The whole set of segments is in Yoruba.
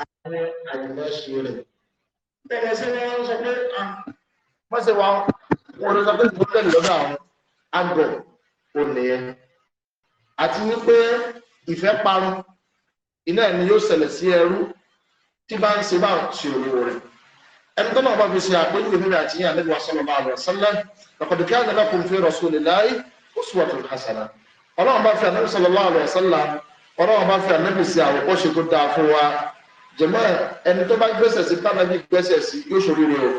àwọn àìmọ́ṣe rẹ̀. Tẹ̀lẹ̀ sí ni wọ́n sọ pé wọ́n sì wá wọn lọ sọ pé kò tẹ̀lé lọ́dọ̀ àwọn àgbẹ̀ ò nìyẹn. Àti wípé ìfẹ́ parun iná ẹni yóò ṣẹlẹ̀ sí ẹrú tí bá ń ṣe bá ṣe òwò rẹ̀. Ẹni tó náà bá fi ṣe àpéjúwe fún mi àti yín àlejò àṣọ lọ́ba àlọ́ sọ́lá. Laqad kana lakum fi rasulillahi uswatun hasana. Ọlọ́run bá fi àlejò sallallahu alaihi wasallam ọlọ́run bá fi ànábì sí àwòkọ́ṣe tó dáa fún wa jẹ̀mọ́ ẹni tó bá gbẹ́sẹ̀ sí tánàbí gbẹ́sẹ̀ sí yóò ṣoríire o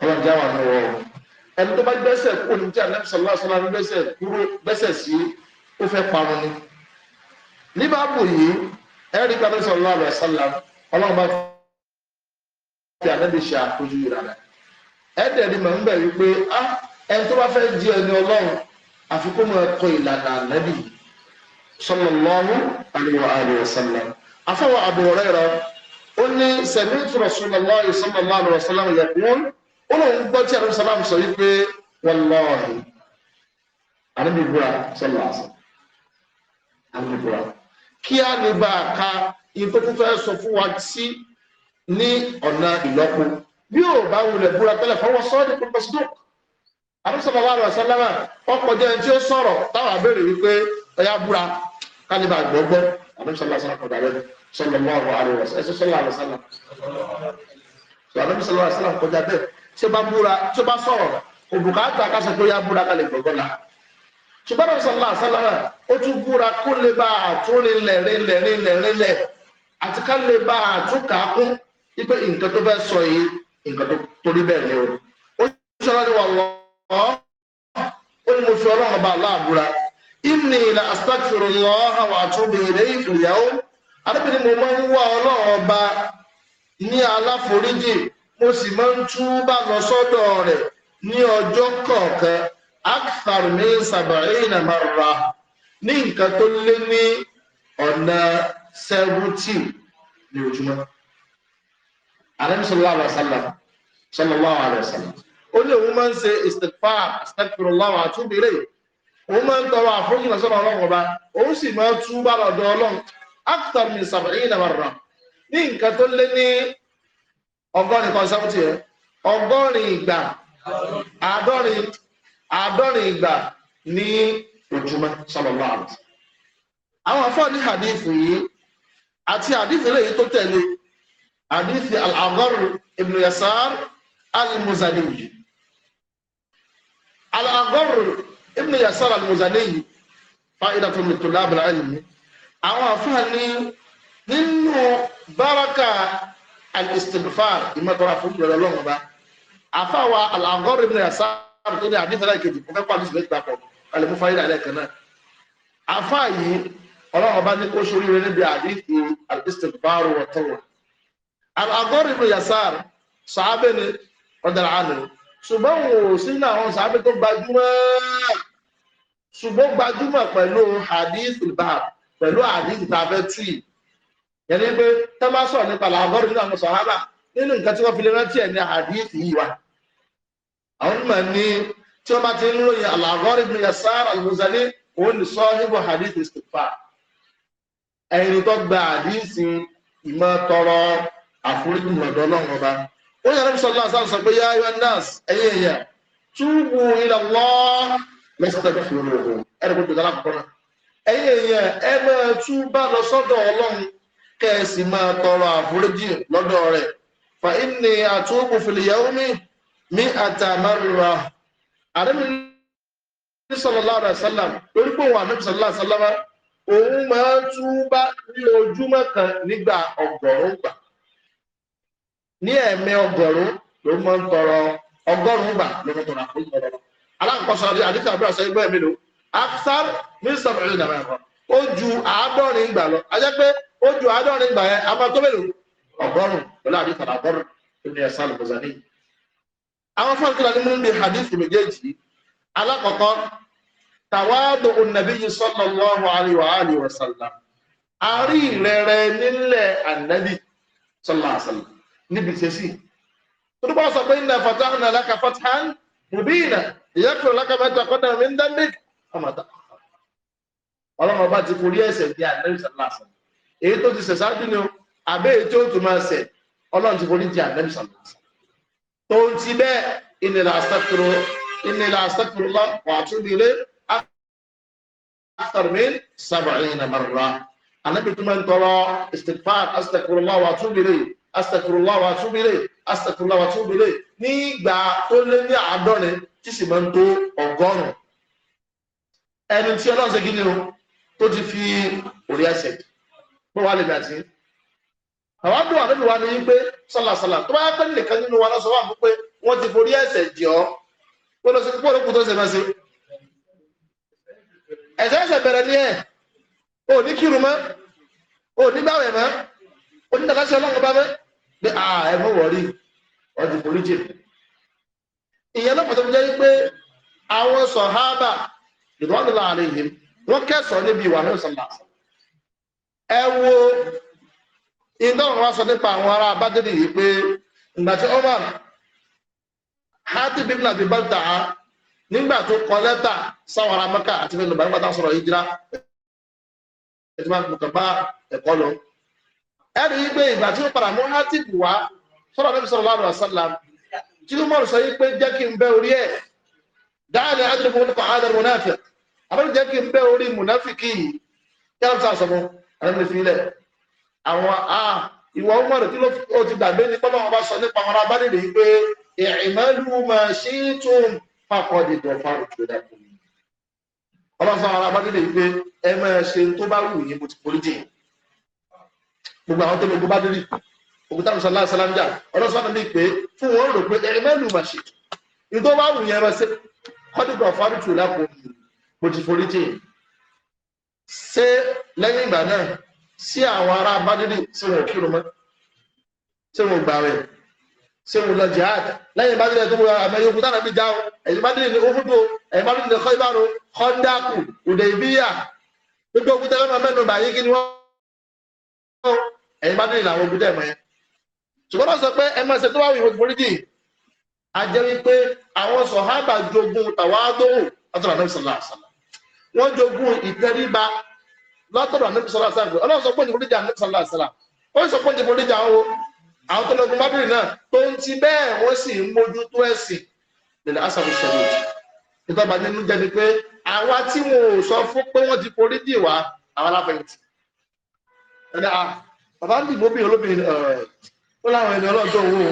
ọlọ́run já wà lọ́wọ́ o ẹni tó bá gbẹ́sẹ̀ kúrò ní tí ànábì sọ̀rọ̀ sọ̀rọ̀ ní kúrò gbẹ́sẹ̀ sí ó fẹ́ parun ni. ní báàbò yìí ẹ̀rí kan sọ̀rọ̀ lọ́wọ́ rẹ̀ sọ́la ọlọ́run bá fi ànábì ṣe àkójú ìrànlẹ̀ ẹ̀dẹ̀ ni màá ń bẹ̀ wípé ah, ẹni tó bá fẹ́ di ẹni ọlọ́run àfikún mọ́ ẹ̀kọ́ ìlànà ànábì sallallahu alayhi wa sallam afọwọ́ Abu Hurairah ó ní sami'tu Rasulullah sallallahu alayhi wa sallam yaqul ó lóun gbọ́ tí àdúgbò sàlám sọ yìí pé wallahi àdúgbò búra sọlá sọ àdúgbò búra kí á ní bá a ka ìtò tó fẹ́ sọ fún wa sí ní ọ̀nà ìlọ́po bí ò bá wulẹ̀ búra tẹ́lẹ̀ fọwọ́ sọ́ọ́dẹ̀ pẹ̀lú pẹ̀sìdọ́k àdúgbò sọlá wa sọlá ọkọ̀ jẹ́ ẹni tí ó sọ̀rọ̀ táwọn abẹ́rẹ́ wípé ọyá búra kálíbà gbọ́gbọ́ àbẹ́ sọlá sọlá kọ̀dà rẹ sọlá lọ́wọ́ àrẹ wọ̀ ẹsẹ sọlá àrẹ sọlá àbẹ́ sọlá sọlá kọjá bẹ́ẹ̀ tí ó bá búra tí ó bá sọ̀rọ̀ òbùkátà kásà tó yá búra kálí gbọ́gbọ́ la ṣùgbọ́n àbẹ́ sọlá sọlá ó tún búra kó lè bá àtúnrinlẹ̀ rinlẹ̀ rinlẹ̀ rinlẹ̀ àti ni o ó ṣọlá ni wà lọ́ọ́ ó ní mo fi ọlọ́run ọba aláàbúra inni la astaghfirullah wa atubu ilayhi fil yawm arábìnrin mo máa ń wá ọlọ́run ọba ní aláforíjì mo sì máa ń túbà lọ sọ́dọ̀ rẹ̀ ní ọjọ́ kọ̀ọ̀kan akthar min sab'ina marra ní nǹkan tó lé ní ọ̀nà sẹ́wútì ní ojúmọ́ alẹ́mi sallallahu alaihi wasallam sallallahu ó ní òun máa ń ṣe istighfar astaghfirullah wa atubu ilayhi òun máa ń tọrọ àforíjì lọ sọ́dọ̀ ọlọ́run ọba òun sì máa tú bá lọ́dọ̀ ọlọ́run after min sàbẹ̀yìn náà rà ní nǹkan tó lé ní ọgọ́rin kan sẹ́wọ́tì ẹ̀ ọgọ́rin ìgbà àádọ́rin àádọ́rin ìgbà ní ojúmọ́ sọlọ́lá àrùn. àwọn afọ́ ní hadith yìí àti hadith eléyìí tó tẹ̀lé hadith al-Agharr ibn Yasar al-Muzani al-Agharr ibn yasar al-muzaneyì fa'idatun min tulab al-ilmi àwọn àfáàní nínú báraka al-istighfar ìmọ̀tọ́ra fún ìrọ̀lẹ́ ọlọ́run bá àfáwà al-Anghar ibn yasar tó ní àdífẹ́lá ìkejì fún fẹ́ pàdé ìsìlẹ̀ ìgbàpọ̀ alẹ́mú fáyidà lẹ́ẹ̀kan náà àfáà yìí ọlọ́run ọba ní kó ṣoríire níbi àdífi al-istighfar wọ̀tọ̀wọ̀ al-Anghar ibn yasar sàábẹ́ni ọ̀dàlá àná ṣùgbọ́n wọn ò sí ní àwọn sàábé tó gbajúmọ̀ ṣùgbọ́n gbajúmọ̀ pẹ̀lú hadith bab pẹ̀lú hadith tàbẹ́ tí yẹni pé tẹ́másọ̀ nípa làbọ́rù nínú àwọn sàhábà nínú nǹkan tí wọ́n fi lè rántí ẹ̀ ní hadith yìí wa àwọn onímọ̀ ní tí wọ́n bá ti ń ròyìn àlàbọ́rù ibn Yasar al-Muzani òun ní sahibu hadith istighfar ẹ̀yìn tó gba hadith ìmọ̀ tọrọ àforíjì lọ́dọ̀ Ọlọ́run ọba ó yàrá bí sọ́lá sáà sọ pé yá ayọ́ nọ́ọ̀sì ẹ̀yìn ẹ̀yà túbù ilẹ̀ wọ́n lẹ́sítẹ̀ fún mi ògùn ẹ̀rọ gbogbo ìdára kọ̀ọ̀kan náà ẹ̀yìn ẹ̀yà ẹ máa tún bá lọ sọ́dọ̀ ọlọ́run kẹ́ ẹ sì máa tọrọ àforíjì lọ́dọ̀ rẹ̀ fa inni àtúbù fìlìyàwó mi mi àtàmárùra àdémi ní sọ́lá sọ́lá lórí pé òun àdémi sọ́lá sọ́lá òun máa tún bá ní ojúmọ́ kan nígbà ọgọ́rùn-ún ní ẹ̀mẹ́ ọgọ́rùn ló mọ́ ń tọrọ ọgọ́rùn gbà ló mọ́ tọrọ àkójọ lọ alákọ̀ọ́sọ àti àdìsí àbúrò àṣẹ ẹgbẹ́ mi lò afsar mínísítà fún ìdàgbà ẹ̀kọ́ ó ju àádọ́rin gbà lọ a jẹ́ pé ó ju àádọ́rin gbà yẹn a máa tó mélòó ọgọ́rùn pẹ̀lú àdìsí àbúrò ìbí ẹ̀sán lùmọ̀sánì. àwọn fún sallallahu alaihi wa sallam àrí ìrẹ̀rẹ̀ nílẹ̀ ànábì sallam níbi tẹ̀sí tó tó bá sọ pé inna fatahna laka fathan mubina yaghfir laka ma taqaddama min dhanbika àmàtà ọlọ́run ọba ti forí ẹ̀ṣẹ̀ di àdẹ́rìsà lásán èyí tó ti ṣẹ̀ṣáájú ni àbẹ́ èyí tó tún máa ṣẹ̀ ọlọ́run ti forí di àdẹ́rìsà lásán tó ń ti bẹ́ẹ̀ ìnira àṣàkùrọ̀ ìnira àṣàkùrọ̀ wà tún ilé akthar min sab'ina marra anabi tó máa ń tọrọ istikfar astaghfirullah wa atubu ilayh astaghfirullah wa atubu ilayh astaghfirullah wa atubu ilayh ní ìgbà tó lé ní àádọ́rin tí sì máa ń tó ọgọ́rùn-ún ẹni tí ọlọ́run ṣe kí ni o tó ti fi orí ẹsẹ̀ pé wàá lè bẹ̀ àti àwọn àdúrà àdúrà wa ni yín pé sọlásọlá tó bá yá pé nìkan nínú wa lọ́sọ̀ wà fún pé wọ́n ti forí ẹsẹ̀ jì ọ́ lọ sí púpọ̀ lókùn tó ṣe fẹ́ sí ẹ̀sẹ̀ ẹ̀sẹ̀ bẹ̀rẹ̀ ò ní kírun mọ́ ò ní gbàwẹ̀ mọ́ ò ní dàgbàsí ọlọ́run bá mọ́ pé à ẹ mọ̀ wọ̀rí wọ́n ti forí jì ìyẹn lọ́pọ̀ tó fi jẹ́ pé àwọn sọ̀hábà ìdánilá àlẹ́ yìí wọ́n kẹsàn-án níbi ìwà náà sọ̀lá ẹ wo iná wọn sọ nípa àwọn ará abájẹ́dì yìí pé ìgbà tí Omar Hatib ibn Abi Balta'a nígbà tó kọ lẹ́tà sáwọn ará Mẹ́kà àti fẹ́ lọ́bàá nígbà tá sọ̀rọ̀ yìí jìrá ètò máa mú kàn bá ẹ̀kọ́ lọ. ẹ rí i pé ìgbà tí ó padà mú hátìbù wá sọ́dọ̀ níbi sọ́dọ̀ láàrú àṣàlá tí ó mọ̀rọ̀ sọ yí pé jẹ́ kí n bẹ́ orí ẹ̀ dáàlì ádùnkù ní kò ádùn múnáfì àbẹ́rù jẹ́ kí n bẹ́ orí múnáfìkì yìí kí á sọ mọ́ àrẹ́mìlẹ̀ fílẹ̀ àwọn a ìwà ọmọdé tí ó ti gbàgbé ní pọ́nmọ́ ọba sọ nípa àwọn abánilẹ̀ yìí pé ìrìnmẹ́lú máa ṣí tún ọlọ́sọ ara bágídé pé ẹ máa ṣe tó bá wù yín mo ti forí jìn gbogbo àwọn tó lọ gbogbo bádìrí òkúta musa aláà sálámjà ọlọ́sọ náà ní pé fún wọn rò pé ẹ mẹ́lù mà ṣe ìtò bá wù yín ẹ máa ṣe kọ́dùkọ̀ fárútù lápò mo ti forí jìn ṣé lẹ́yìn ìgbà náà sí àwọn ará bádìrí sí wọn ò kírun mọ́ sí wọn gbà rẹ̀ sẹ́wọ̀n lọ jihad lẹ́yìn bá nílẹ̀ tó wọ àmọ́ yòókù táwọn ẹbí já o ẹ̀yìn bá nílẹ̀ ní ohudu ẹ̀yìn bá nílẹ̀ kọ́ ìbáru kọ́ńdàkù Hudaybiya gbogbo òkúta ẹ̀rọ mẹ́nu bàyí kí ni wọ́n ẹ̀yìn bá nílẹ̀ làwọn òkúta ẹ̀mọ́ yẹn. ṣùgbọ́n wọ́n sọ pé ẹ máa ṣe tó wà wí ìwọ̀n foríjì a jẹ́ wípé àwọn sọ̀hábà jogun tàwádóhùn látọ̀rọ̀ Ànábì sallallahu alaihi wasallam wọ́n jogun ìtẹríba látọ̀rọ̀ Ànábì sallallahu alaihi wasallam àwọn tó lọ́gbọ́n bábìrì náà tó ń ti bẹ́ẹ̀ wọ́n sì ń mójútó ẹ̀sìn lẹ́la asàbí sọ̀rọ̀ ìtọ́gbà nínú jẹ́ ni pé àwa tí wọn ò sọ fún pé wọ́n ti forí dì wá àwa láfẹ̀yìntì ẹ̀dá bàbá ń dìbò bíi olóbìnrin ó láwọn ẹni ọlọ́jọ́ owó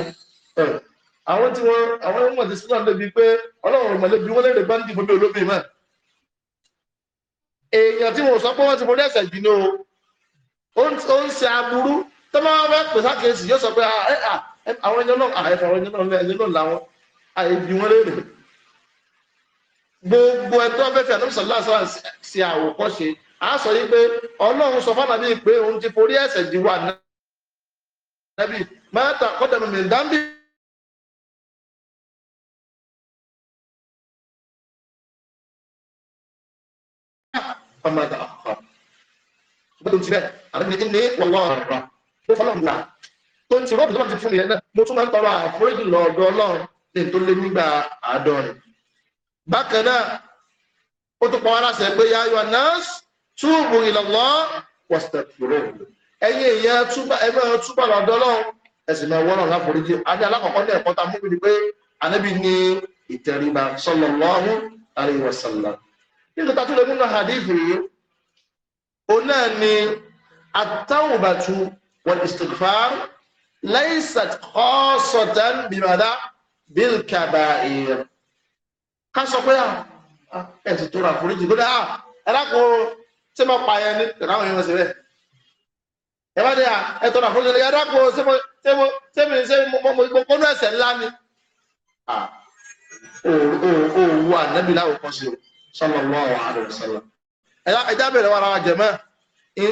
àwọn tí wọn àwọn ẹni wọn ti sílẹ̀ níbi pé ọlọ́run mọ̀lẹ́ bí wọ́n lè bá ń dìbò bíi olóbìnrin mọ́ èèyàn tí wọn sọ pé wọ́n ti forí ẹ̀sẹ̀ jù ó ń ṣe aburú tọ́mọ́ fẹ́ pè sákèésì yóò sọ pé ah, eh, ah, eh, àwọn ẹni ọlọ́run àìfọ̀ ah, àwọn ẹni ọlọ́run ẹni ọlọ́run làwọn àìbí wọn lérè gbogbo ẹ̀tọ́ bẹ́ẹ̀ fi àdúgbò láti ṣe àwòkọ́ṣe a sọ yí pé ọlọ́run sọ fún àbí pé òun ti forí ẹ̀ṣẹ̀ di wà nábì mẹ́ta kọ́dọ̀mù mi dáńbì. ọmọdé ọkọ gbọdọ̀ tí bẹ́ẹ̀ àbí ní wọ́n lọ́ọ̀rọ̀ fọlọ́mùlà tó ti rọ́ọ̀bù tó ti fún mi yẹn náà mo tún máa ń tọrọ àforíjì lọ ọ̀dọ̀ ọlọ́run lè tó lé nígbà àádọ́rin bákan náà ó tún pọn aláṣẹ pé yá yọ nọ́ọ̀sì túbù ìlọ́lọ́ wọ́sítẹ̀kùrò ẹ̀yin èèyàn túbà ẹ máa túbà lọ́dọ̀ ọlọ́run ẹ̀sìn máa wọ́n láforíjì adé alákọ̀ọ́kọ́ ní ẹ̀kọ́ ta mi pé anábì ní ìtẹríba sallallahu alaihi wasallam nígbà tá a tún lè nínú hadith yìí òun náà ni àtàwùbàtú والاستغفار ليست خاصة بماذا بالكبائر كاسو بيا انت ترى فريج بدا اراكو سما بايا ني راو يما سيبه eba de a ẹ tọrọ àforíjì lórí adáko sẹmo sẹmo sẹmo sẹmo mo mo mo kọnu ẹ̀ṣẹ̀ ńlá ni a ah, o o o wu anabi láwọ kan sí o sallallahu alaihi wasallam ẹ já bẹ̀rẹ̀ wàrà jẹmẹ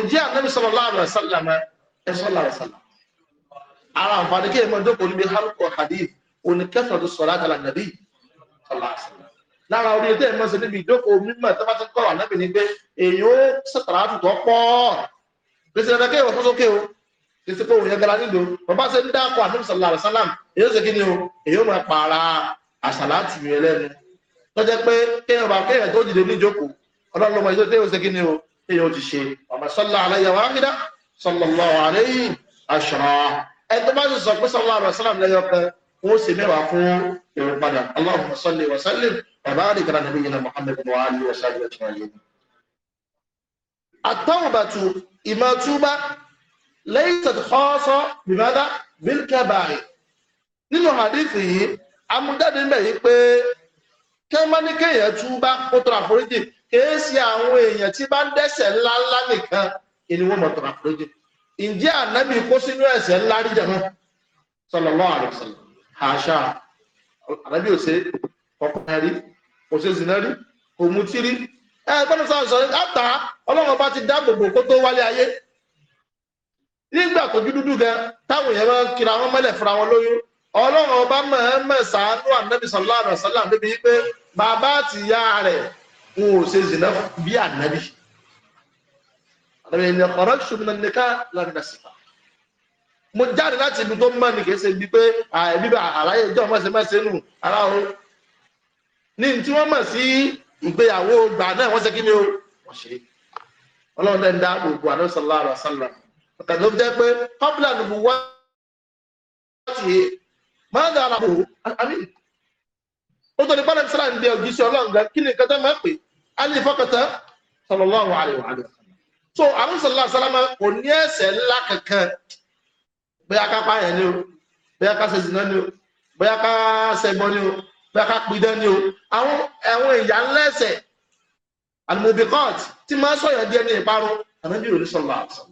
ǹjẹ́ anabi sallallahu alaihi wasallam ẹ̀sọ́lá ọ̀sàlá ara àǹfààní kí èèmọ̀ jókòó níbi halkọ hadith oníkẹsàn tó sọ̀rọ̀ àtàlà nàbí ọ̀làṣàlá lára orí ètò ìmọ̀ sí níbi ìjókòó mímọ̀ tó bá ti kọ́ ànábì ní pé èèyàn ó sàtàrà àtúntò pọ̀ gbèsè rẹ̀ kéwọ̀ fún sókè o kìsì pé òun yẹn gara nílò bàbá ṣe ń dáàkọ ànábì sọ̀lá àrẹ̀sálàm èyí ṣe kí ni o èyí máa pààrà àṣàlá tì mí ẹlẹ́nu tó jẹ́ pé sallallahu alayhi ashra ẹni tó bá sì sọ pé sallallahu alayhi wa sallam lẹ́yọ kan wọ́n sì mẹ́wàá fún ìrìn padà allahumma salli wa sallim bàbá rẹ̀ gara nàbí yìí na muhammed wa alihi wa sallam ẹ̀tọ́ ayé àtọ́wọ̀bàtù ìmọ̀túbá lẹ́yìn tẹ̀tẹ̀kọ́sọ́ bìbádá bílkẹ́bàrì nínú hadithi yìí amúdáde ń bẹ̀ pé kẹ́mání kéèyàn túbá àforíjì kèé àwọn èèyàn tí bá ń dẹ́ṣẹ̀ ńláńlá nìkan ni wọ́n mọ̀ tọ̀rọ̀ àforíjì ǹjẹ́ ànábì kó sínú ẹ̀ṣẹ̀ ńlá rí jẹ̀ náà sallallahu alaihi wasallam àṣà ànábì òṣè ọkùnrin rí òṣè zìnà rí òmùtí rí ẹ gbọ́dọ̀ sọ àṣọ àtà ọlọ́run bá ti dáàbò bò kó tó wálé ayé nígbà tó dúdú gan táwọn èèyàn máa ń kira wọn mọ́lẹ̀ fúnra wọn lóyún ọlọ́run ọba mọ̀ọ́mọ̀ sàánú ànábì sallallahu alaihi wasallam débi pé bàbá àtìyá rẹ̀ ń ò ṣe bí ànábì àbẹ̀rẹ̀ ìyẹn kọ̀rọ̀ ṣùgbọ́n nìka lọ́dọ̀ sípa mo jáde láti ibi tó mọ́ ni kì í ṣe ibi pé àìbí àlàyé ìjọ mọ́sẹ̀mọ́sẹ̀ nù ara o ní tí wọ́n mọ̀ sí ìgbéyàwó gbà náà wọ́n ṣe kí ni o wọ́n ṣe ọlọ́run dẹ́ ń dá gbogbo àdó sallallahu alaihi wasallam ọ̀tẹ̀ ló jẹ́ pé kọ́bílà nìbù wá láti máa ń dára bò àmì ó tó ní pálẹ̀ sílá ń bí ọ̀gísí ọlọ́run gan kí ni nǹkan máa ń pè á ní ìfọkàntán sallallahu alaihi wasallam so àrùsọ̀lá sálámà kò ní ẹ̀ṣẹ̀ ńlá kankan bóyá ká pààyàn ni o bóyá ká ṣe zìnà ni o bóyá ká ṣẹgbọ́n ni o bóyá ká pidán ni o àwọn àwọn ìyá ńlá ẹ̀ṣẹ̀ àlùmọ̀bìkọ́t tí máa sọ̀yàn díẹ̀ ní ìparun ànábì rò ní sọ̀lá àṣà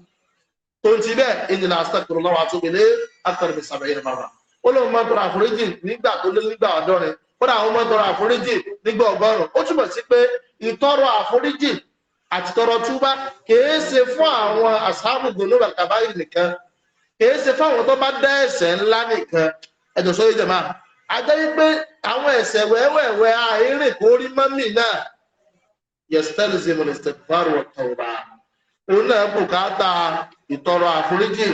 tó ti bẹ́ẹ̀ ìnìlà àṣàkùrọ̀ lọ́wọ́ àtúnbẹ̀lẹ́ àtàrẹ̀mẹ̀ sàbẹ̀yẹ̀ bàbà ó lóun máa tọrọ àforíjì nígbà tó lé nígbà ọ̀dọ́rin kódà àwọn máa tọrọ àforíjì nígbà ọgọ́rùn ó túmọ̀ sí pé ìtọrọ àforíjì àti tọrọ túbá kìí ṣe fún àwọn asáàbù gbòòlò àkàbáyé nìkan kìí ṣe fún àwọn tó bá dá ẹ̀ṣẹ̀ ńlá nìkan ẹjọ sọ yìí jẹmọ àjẹ wípé àwọn ẹ̀ṣẹ̀ wẹ́wẹ́wẹ́ àìrìn kò rí mọmì náà yẹsítẹlì sí mọlẹsítẹ fáwọn ọtọ ọba òun náà bùkátà ìtọrọ àforíjì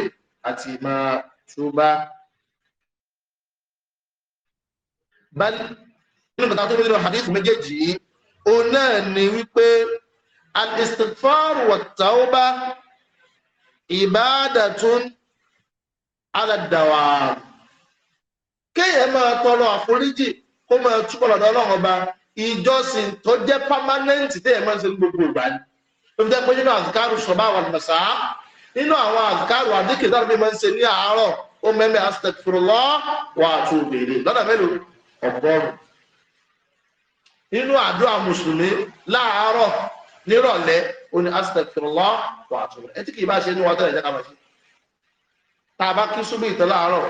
àti ìmọ̀ túbá. báyìí nínú kàtà tó ń bí nínú hadith méjèèjì òun náà ni wípé. الاستغفار والتوبة عبادة على الدوام kéèyàn máa tọrọ àforíjì kó máa túbọ̀ lọ́dọ̀ ọlọ́run ọba ìjọsìn tó jẹ́ pámánẹ́ǹtì téèyàn máa ń ṣe ní gbogbo ìgbà ni tó fi jẹ́ pé nínú àzikáàrù sọ̀bá àwọn àlùmọ̀sá nínú àwọn àzikáàrù àdíkè tó àbí máa ń ṣe ní àárọ̀ ó mẹ́mẹ́ astaghfirullah wa atubu ilayh lọ́dọ̀ mélòó ọgọ́rùn-ún nínú àdúrà mùsùlùmí láàárọ̀ nírọ̀lẹ́ ó ní astaghfirullah wà á tún ẹ tí kì í bá ṣe ní wàá tẹ̀lé ìjọba ṣe tá a bá kí súnmọ́ ìtàn láàárọ̀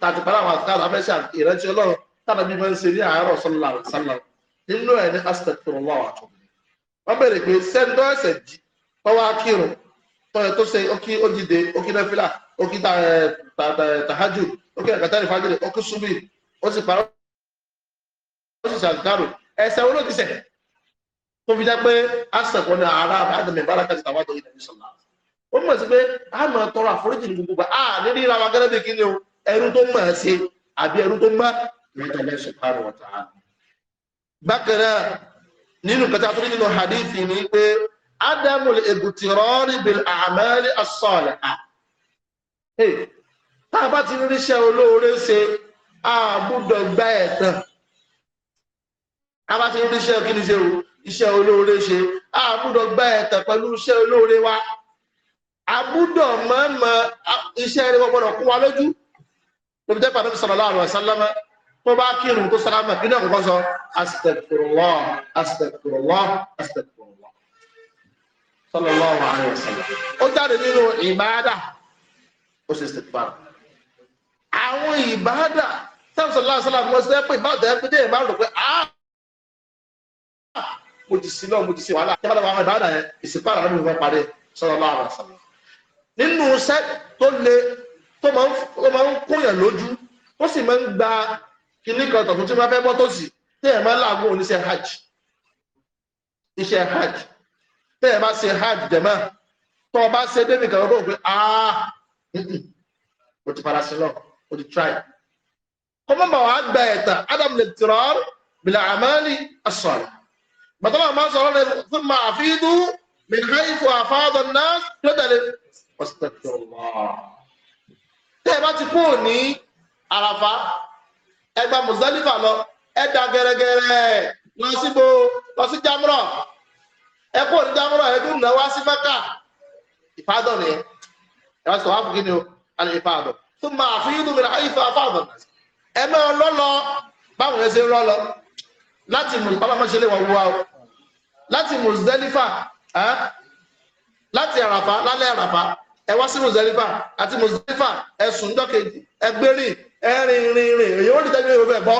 tá a ti padà wà tá a fẹ́ ṣe ìrántí ọlọ́run tá a bí máa ń ṣe ní àárọ̀ sọ́nà sọ́nà nínú ẹ̀ ní astaghfirullah wà á tún wọ́n bẹ̀rẹ̀ pé sẹ́ńdọ́ ẹ̀sẹ̀ jí tọ́wọ́ akírun tọ́yẹ tó ṣe ókí ódìde ókí náfìlà ókí tàhájù ókí àkàtàrí fàájìlẹ̀ ókí súnmọ́ ó sì parọ́ ó sì ṣàǹkárò ẹ̀sẹ̀ olóòtú tó fi jẹ́ pé asẹ̀kọ́ ní ara àbájáde ìbáraka ti tàwájọ ìdàgbé sọ̀lá ó mọ̀ sí pé a máa tọrọ àforíjì ní gbogbo a nílí ra wa gẹ́gẹ́ bí kí ni o ẹrú tó mọ̀ ẹ́ sí àbí ẹrú tó mọ̀ ìrẹ́jọ lẹ́ subhanahu wa ta'ala. bákan nínú kẹta tó nínú hadithi ni pé adamul egutirọ́ọ̀rì bil a'mal as-salihah tá a bá ti ríṣẹ́ olóore ṣe àbúdọ̀gbà ẹ̀tàn a bá ti ríṣẹ́ kí ni ṣe o iṣẹ́ olóore ṣe a gbúdọ̀ gbá ẹ̀tàn pẹ̀lú iṣẹ́ olóore wa a gbúdọ̀ mọ̀ọ́mọ̀ iṣẹ́ rẹ̀ gbọ́dọ̀ kó wa lójú tó fi jẹ́ pàdé sallallahu alaihi wasallam tó bá kírun tó sálámà kí náà kọ́kọ́ sọ astaghfirullah astaghfirullah astaghfirullah sallallahu alaihi wasallam ó jáde nínú ìbáadà ó sì mo ti sí lọ́wọ́ mo ti sí wàhálà kí wọ́n máa bá yẹn ìsìnkára ló ń fẹ́ parí sallallahu alaihi wasallam. nínú iṣẹ́ tó le tó máa ń kóyàn lójú ó sì máa ń gba kinní kan tọ̀tún tí wọ́n fẹ́ bọ́ tó sì tẹ́ẹ̀ máa láàgùn oníṣẹ́ hajj iṣẹ́ hajj tẹ́ẹ̀ bá ṣe hajj jẹ̀mọ́ tọ́ bá ṣe débi kan rò pé aah ti fara sí lọ mo ti try kọ́mọ́mọ́ wa gba ẹ̀tàn adam lè tìrọ́ọ́rù bìlà àmàlì as bàtọ́lá máa sọ̀rọ̀ rẹ̀ fún ma àfihàn min haifu àfáàdọ̀ náà tó tẹ̀lé tẹ́ ẹ bá ti kúrò ní àràfá ẹgbà mùsálífà lọ ẹ̀dà gẹ́rẹ́gẹ́rẹ́ lọ síbo lọ sí jámúrọ̀ ẹ kúrò ní jámúrọ̀ ẹ tún náà wá sí mẹ́kà ìfádọ̀ nìyẹn ẹ bá sọ wá fún kí ni o àlè ìfádọ̀ tó ma àfihàn min haifu àfáàdọ̀ náà ẹ náà lọ́lọ́ báwọn ẹ ṣe ń lọ́lọ́ láti mú ìpamọ́ ṣe lè wọ́n wúwa o. láti Muzdalifa láti àràfà lálẹ́ àràfà ẹ wá sí Muzdalifa àti Muzdalifa ẹ̀sùn dọ́kejì ẹgbẹ́rìn ẹ̀rìn èyí ó lè tẹ́jú ìwé bẹ́ẹ̀ bọ́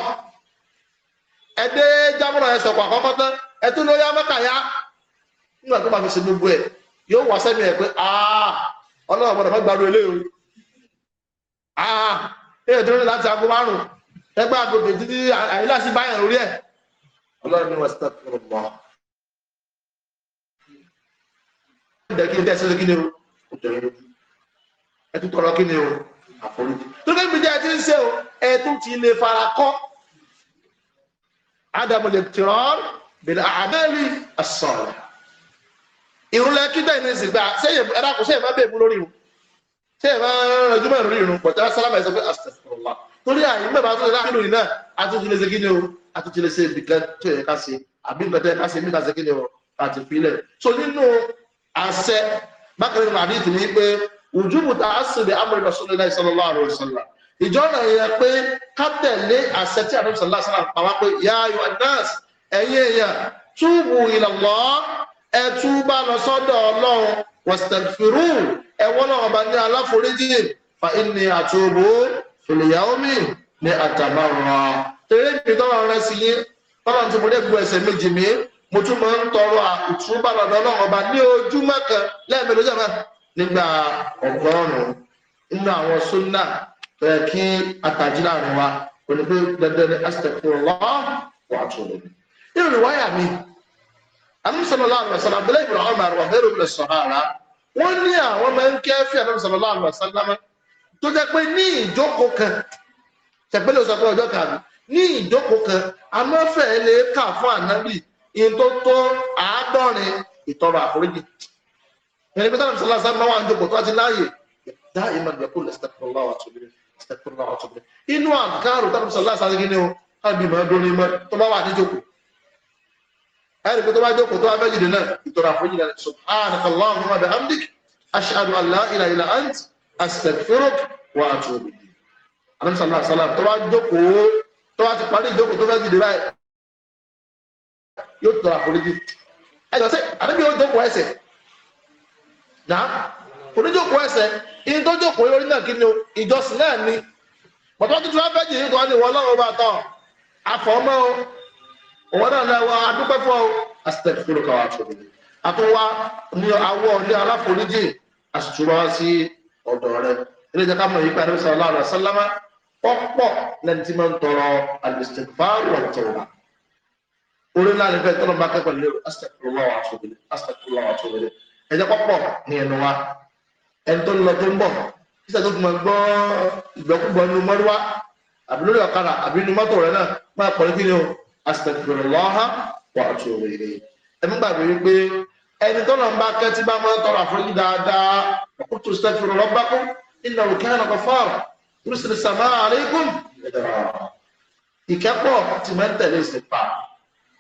ẹ dé jábọ̀rọ̀ ẹ sọ̀kọ̀ àkọ́kọ́ tán ẹ tún lórí amẹ́kà yá nígbà tó fi ṣe gbogbo ẹ̀ yóò wá sẹ́mi ẹ̀ pé ọlọ́run ọ̀gbọ́dọ̀ fẹ́ gbàdúrà ẹ̀ láti aago márùn àyíláṣí tẹ kí n tẹ sísè kí ni o kò tẹ e lójú ẹ tún tọrọ kí ni o àforíjì tó fẹ́ gbèjà ẹ ti ń ṣe o ẹ tún ti lè fara kọ́ ádámù lè tìrọ bẹ̀rẹ̀ àmẹ́lì àsọ̀rọ̀ ìrúnlẹ̀ kí bẹ́ẹ̀ ní ìsìgbà sẹ́yìn ẹ dákun sẹ́yìn má bẹ́ẹ̀ mú lórí irun sẹ́yìn má rẹjú mọ́ lórí irun pọ̀tẹ́ sálámà ẹ̀ sọ pé torí àyè ń bẹ̀rẹ̀ àtúntò tó yẹ ká ṣe àbí àti àṣẹ bákan nínú àdìtì ní pé ojúbùtà àṣìbẹ̀ amúrí Rasulullahi sallallahu alaihi wasallam ìjọ náà yẹ pé ká tẹ̀lé àṣẹ tí àdìtì sallallahu alaihi wasallam pàwá pé ya ayyuhan nas ẹ̀yin èèyàn ila Allah ẹ lọ sọ́dọ̀ Ọlọ́run wastaghfiru ẹ̀wọ́n ọba ní aláforíjì fa inni atubu fil ní àtàbà rọ̀ tẹ̀lé mi tọ́wọ́ rẹ̀ sí yín tọ́wọ́ ti mú ẹ̀gbọ́ ẹ̀sẹ̀ méjì mi mo tún máa ń tọrọ àtúbà lọ́dọ̀ ọlọ́run ọba ní ojúmọ́ kan lẹ́ẹ̀mẹ́lú jẹ́ máa nígbà ọgọ́rùn-ún nínú àwọn súnà fẹ́ kí àtàjìlá rẹ̀ wa kò ní pé dandan ní astaghfirullah wa atubu nínú mi àmúṣọlọ́lá àrùn ọ̀sán abẹ́lẹ́ ìbùrọ̀ ọmọ àrùn ọ̀fẹ́ rògbòlẹ̀ sọ̀rọ̀ ara wọ́n ní àwọn máa ń kẹ́ fí àmúṣọlọ́lá àrùn ọ̀sán lámá tó jẹ́ pé ní ìjókòó kan tẹ̀pẹ́lẹ́ òsàn pé ọjọ́ kan ní ìjókòó kan amọ́fẹ́ lè kà fún ànábì in tó tó àádọ́rin ìtọrọ àforíjì ẹni pé sábà sọlá sábà wà ń jókòó tó àti láàyè dá ìmọ̀ ìyẹ̀kú lè stẹ̀kùnlá wà tóbi stẹ̀kùnlá wà tóbi inú àǹkárò tábà sọlá sábà kí ni o káàbì máa dún ní mọ́ tó bá wà ní jókòó ẹni pé tó bá jókòó tó bá méjì dínà ìtọrọ àforíjì náà subhanaka Allahumma wa bihamdik ashhadu an la ilaha illa ant astaghfiruk wa atubu ilayk àdàmùsọ̀lá sọlá tó bá jókòó tó bá ti parí ìjókòó tó fẹ́ yóò tọrọ àforíjì ẹjọ sẹ àdébí yóò jókòó ẹsẹ̀ náà oníjókòó ẹsẹ̀ iye tó jókòó orí náà kí ni ìjọsìn náà ni pọtọ tuntun afẹ jìnnì kan ni wọn lọ́wọ́ bá tọ àfọmọ o òun náà náà wọ adúpẹ́ fún ọ asitẹ fúlù kan wà tóbi àtúwà ní awọ ní aláforíjì àṣùtúrọ sí ọ̀dọ̀ rẹ̀ ilé ìjọba mọ ìyípa ẹni sọlá rẹ sálámà pọpọ lẹni tí máa ń tọrọ al-istighfar wa orí ńlá nífẹ̀ẹ́ tọ́lọ́ bá kẹ́kọ̀ọ́ lérò astagfirullah wa atubu ilayh astagfirullah wa atubu ilayh ẹ̀jẹ̀ pọ̀pọ̀ ní ẹnu wa ẹni tó ń lọ tó ń bọ̀ títà tó fi máa gbọ́ ìgbẹ́kúgbọ́ nínú mọ́rúwá àbí lórí ọ̀kadà àbí nínú mọ́tò rẹ̀ náà máa pọ̀ lókè ní o astagfirullah wa atubu ilayh ẹ̀mí gbàgbé wípé ẹni tọ́lọ́ bá kẹ́ tí bá máa tọrọ àforíjì dáadáa ọkùtù astagfirullah rabbakum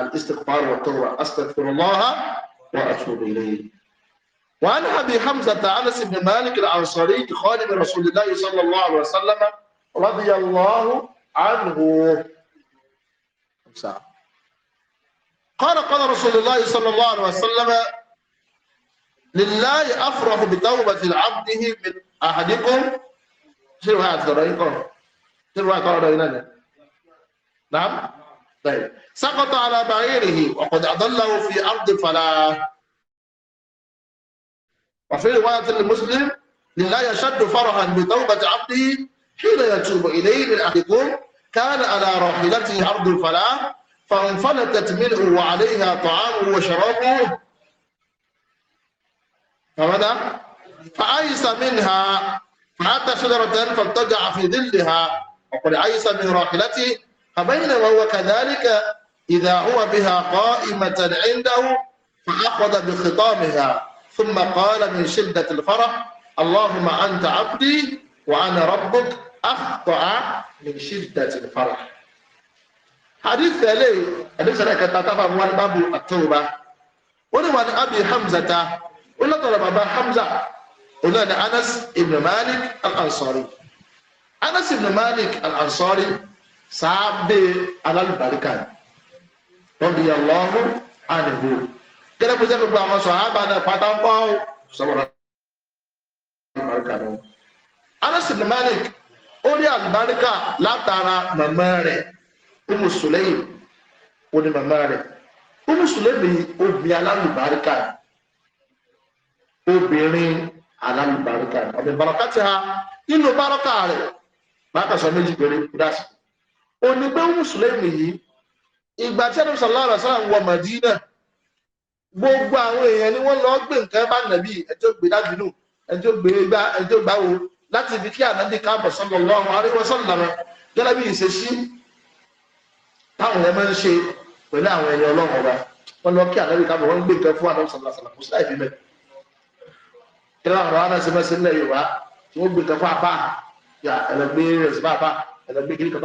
الاستغفار والتوبة أستغفر الله وأتوب إليه وعن أبي حمزة أنس بن مالك الأنصاري خادم رسول الله صلى الله عليه وسلم رضي الله عنه قال قال رسول الله صلى الله عليه وسلم لله أفرح بتوبة عبده من أحدكم شنو هذا الطريقة؟ شنو هذا نعم طيب سقط على بعيره وقد أضله في أرض فلاة وفي رواية لمسلم لا يشد فرحا بتوبة عبده حين يتوب إليه من أحدكم كان على راحلته أرض الفلاح فانفلتت منه وعليها طعامه وشرابه فماذا؟ فأيس منها فأتى شجرة فالتجع في ظلها وقل أيس من راحلته فبينما هو كذلك إذا هو بها قائمة عنده فأخذ بخطامها ثم قال من شدة الفرح اللهم أنت عبدي وأنا ربك أخطأ من شدة الفرح حديث لي حديث لك تتفهم هو باب التوبة ولو عن أبي حمزة ولا طلب أبا حمزة ولا أنس ابن مالك الأنصاري أنس ابن مالك الأنصاري sáábé alálùbáríkà lọ́dí ọlọ́run àdìbò gẹ́gẹ́ bó ṣe gbogbo àwọn sọ̀hábà náà pátá ń kọ́ sọ̀rọ̀ alálùbáríkà Anas ibn Malik ó rí alùbáríkà látara màmá rẹ̀ Umu Sulaym ó ní màmá rẹ̀ Umu Sulaym obìnrin alálùbáríkà obìnrin alálùbáríkà ọ̀bẹ̀ bàrọ̀kátì ha nínú bàrọ̀kà rẹ̀ bàkàsọ méjì péré kúdásìkò òní pé mùsùlùmí yìí ìgbà tí ẹnìmọ̀ sallallahu alaihi wasallam wọ Mádínà gbogbo àwọn èèyàn ni wọ́n lọ gbé nǹkan bá nàbí ẹjọ́ gbé dábìnú ẹjọ́ gbé gbá ẹjọ́ gbá wo láti fi kí ànábì káàbọ̀ sallallahu alaihi wasallam gẹ́lẹ́ bí ìṣesí táwọn ẹ̀ máa ń ṣe pẹ̀lú àwọn ẹ̀yẹ ọlọ́run ọba wọn lọ kí ànábì káàbọ̀ wọ́n gbé nǹkan fún ànábì sallallahu alaihi wasallam kò sí láì fi mẹ́ ìlànà àwọn anásẹ́mẹ́sẹ́ nílẹ̀ Yorùbá tí wọ́n gbé nǹkan fún apá ẹ̀lẹ́gbẹ́ rẹ̀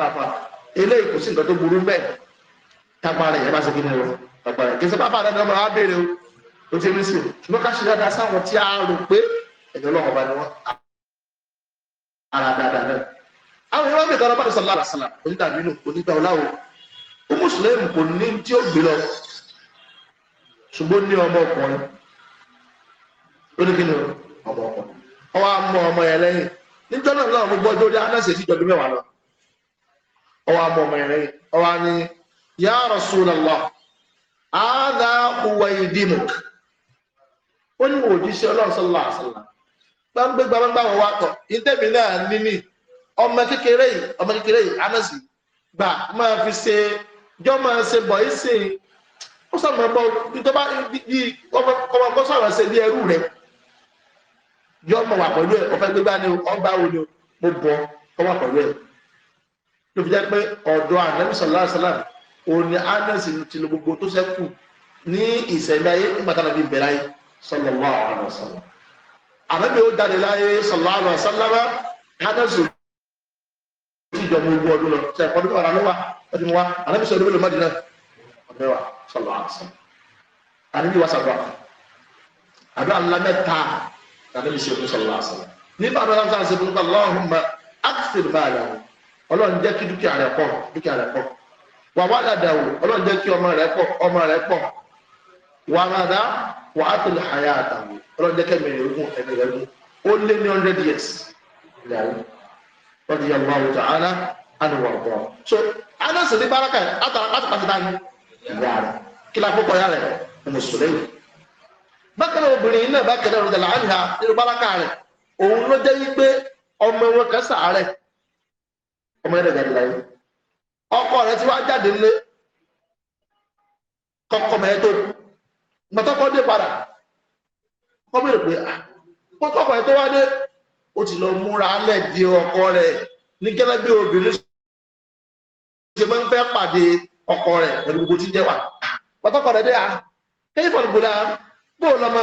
eléyìí kò sí nǹkan tó burú bẹ́ẹ̀ tápá rẹ̀ yẹn bá ṣe kí ni o tápá rẹ̀ kì í ṣe pápá rẹ̀ lọ́mọ abéèrè o ó ti rí sí o ṣùgbọ́n ká ṣe dáadáa sáwọn tí a rò pé ẹ̀yọ́ ọlọ́run bá ní wọ́n ara dáadáa náà. àwọn ìwé mi kan bá ní sọlá àlàsàlà onídàbí nù onígbà ọláwo ó mùsùlùmí kò ní tí ó gbé lọ ṣùgbọ́n ní ọmọ ọkùnrin ó ní kí ni ọmọ ọkùnrin ọwọ́ ọwọ́ amọ̀ ọmọ ẹ̀rẹ́ ọwọ́ ni ya Rasulullah àádá huwa ìdìmùk ó ní òjíṣẹ́ ọlọ́run sallallahu alaihi wasallam gbangbe gbangba wọn wá tọ̀ ìtẹ́mi náà níní ọmọ kékeré yìí ọmọ kékeré yìí anasi gbà máa fi ṣe jọ máa ṣe bọ̀ yìí ṣe ó sọ̀rọ̀ bọ́ ìtọ́ba yìí ọmọ kọ́ sọ̀rọ̀ ṣe bí ẹrú rẹ jọ mọ̀ wà pẹ̀lú ẹ̀ ọ̀fẹ́ gbégbá ni ọgbà wo ni mo bọ̀ ọ pẹ̀lú ẹ̀ ló fi jẹ́ pé ọ̀dọ̀ ànábì sallallahu alaihi wasallam òun ni Anas ti lo gbogbo tó ṣẹ́kù ní ìsẹ̀mí ayé nígbà tá bẹ̀rẹ̀ ayé sallallahu alaihi wasallam ànábì ó jáde láyé sallallahu alaihi wasallam Anas ò tí ìjọba ogun ọdún lọ ṣe ẹ̀kọ́ nípa ara ló wà ó ti mú wa ànábì sọ olóbìnrin mọ́dínà ọ̀dọ̀ wa sallallahu alaihi wasallam ànábì wa sàdúrà àdúrà ńlá mẹ́ta ànábì sallallahu alaihi wasallam nípa àdúrà ńlá mẹ́ta ànábì sọ olóbìnrin sallallahu alaihi ọlọ́run jẹ́ kí dúkìá rẹ̀ pọ̀ dúkìá rẹ̀ pọ̀ wà wá dáadáa wò ọlọ́run jẹ́ kí ọmọ rẹ̀ pọ̀ ọmọ rẹ̀ pọ̀ wà rárá wà á tẹ̀lé àyà àtàwò ọlọ́run jẹ́ kẹ́mi rẹ̀ gùn ẹ̀mí rẹ̀ gùn ó lé ní hundred years ìyàwó ọdún yà wà wòtò àná àná wà bọ̀ so àná sì ní báraka yẹn àtàkàtà dání ìyá rẹ̀ kí la kókó ya rẹ̀ mùsùlùmí bákan náà obìnrin náà bákan náà rẹ̀ ọmọ rẹ̀ jáde láyé ọkọ rẹ̀ ti wá jáde lé kọ́kọ́ mẹ́rin tó gbọ́tọ́kọ́ dé padà kọ́ bẹ̀rẹ̀ pé pọ́tọ́kọ̀ ah, ẹ̀ tó wá dé ó ti lọ múra lẹ̀ di ọkọ rẹ̀ ní gẹ́lẹ́ bí obìnrin ṣe máa ń fẹ́ pàdé ọkọ rẹ̀ pẹ̀lú gbogbo tí jẹ́ wà pọ́tọ́kọ̀ rẹ̀ dé à kéyìn fọ́nù gbọ́dá bóò lọ́mọ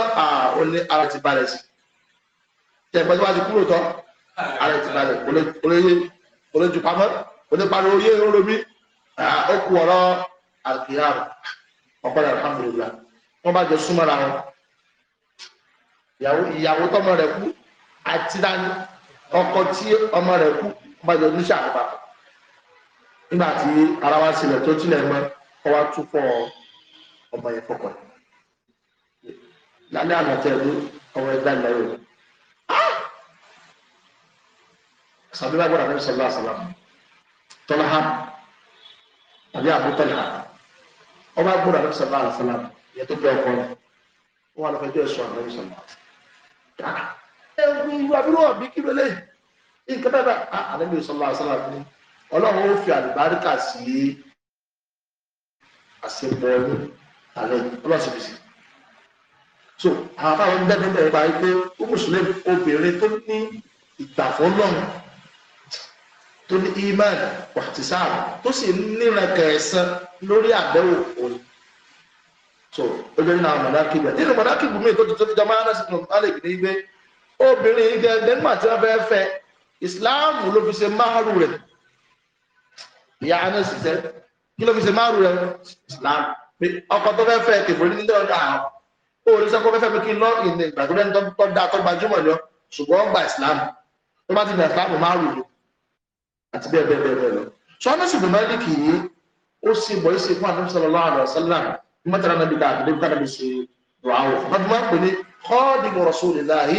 ó ní ara ti balẹ̀ sí tẹ̀ pẹ́tọ́ bá ti kúrò tán ara ti balẹ̀ olóyè olójú pamọ́ onípariwo yé olómi ó kú ọ̀rọ̀ àkìyàrá ọ̀pẹ̀rẹ̀ alhamdulillah wọ́n bá jọ súnmọ́ra wọn ìyàwó tọmọ rẹ̀ kú àti dání ọkọ tí ọmọ rẹ̀ kú wọ́n bá jọ níṣẹ́ àgbà nígbà tí ara wa sílẹ̀ tó tilẹ̀ mọ́ ọ wá tún fọ ọmọ yẹn fọkàn lálẹ́ àná tẹ̀lé ọmọ ẹgbẹ́ ìlẹ́yìn. sàdúrà gbọ́dọ̀ àbẹ̀rẹ̀ sọ̀rọ̀ àṣàlá tọ́lá àbí àbútọ́lá ọba gbọ́dọ̀ àbẹ̀rẹ̀ sọ̀rọ̀ àṣàlá yẹ tó jẹ́ ọkọ rẹ̀ ó wà lọ́fẹ̀ẹ́ jẹ́ ẹ̀sọ́ àbẹ̀rẹ̀ sọ̀rọ̀ àṣàlá. ìlú abirú ọ̀bí kí ló lé nǹkan bẹ́ẹ̀ bá àbẹ̀rẹ̀ sọ̀rọ̀ àṣàlá ni ọlọ́run ó fi àlùbáríkà sí àṣepọ̀ ọdún alẹ́ ọlọ́sibisi so àwọn táwọn ń dẹ́gbẹ́ bẹ̀rẹ̀ báyìí pé ó mùsùlùmí obìnrin tó ní ìgbàfọ́ lọ́rùn tó ní imán wàtísáàrù tó sì níra kẹsàn lórí àbẹ̀wò òní so olórí náà mọ̀dákì bẹ̀ nínú mọ̀dákì bùnmí tó ti tó ti jẹ́ máa ń sìn ní alẹ́ ìgbìlẹ̀ gbé obìnrin gẹ́gẹ́ nígbà tí wọ́n fẹ́ fẹ́ ìsìláàmù ló fi ṣe máàrù rẹ̀ ìyá aná sì tẹ́ kí ló fi ṣe máàrù rẹ̀ ìsìláàmù pé ọkọ̀ tó fẹ́ fẹ́ kẹfìrí nílé ọjà àwọn olùsọ́kọ́ fẹ́ fẹ́ pé kí n lọ ìnìgbà tó dẹ́ni tó dá tó gbajúmọ̀ lọ ṣùgbọ́n gba ìsìláàmù tó bá ti gbà ìsìláàmù máàrù rẹ̀ àti bẹ́ẹ̀ bẹ́ẹ̀ bẹ́ẹ̀ lọ. sọ ọ́nà ṣùgbọ́n máàlìkì yìí ó sì bọ̀ ẹ́ sí fún àdúgbò sallallahu alaihi wasallam ní mọ́tàrà náà bí dáa àti débùkà náà bí ṣe dùn áwò wọ́n máa ń pè ní khadimu rasulillahi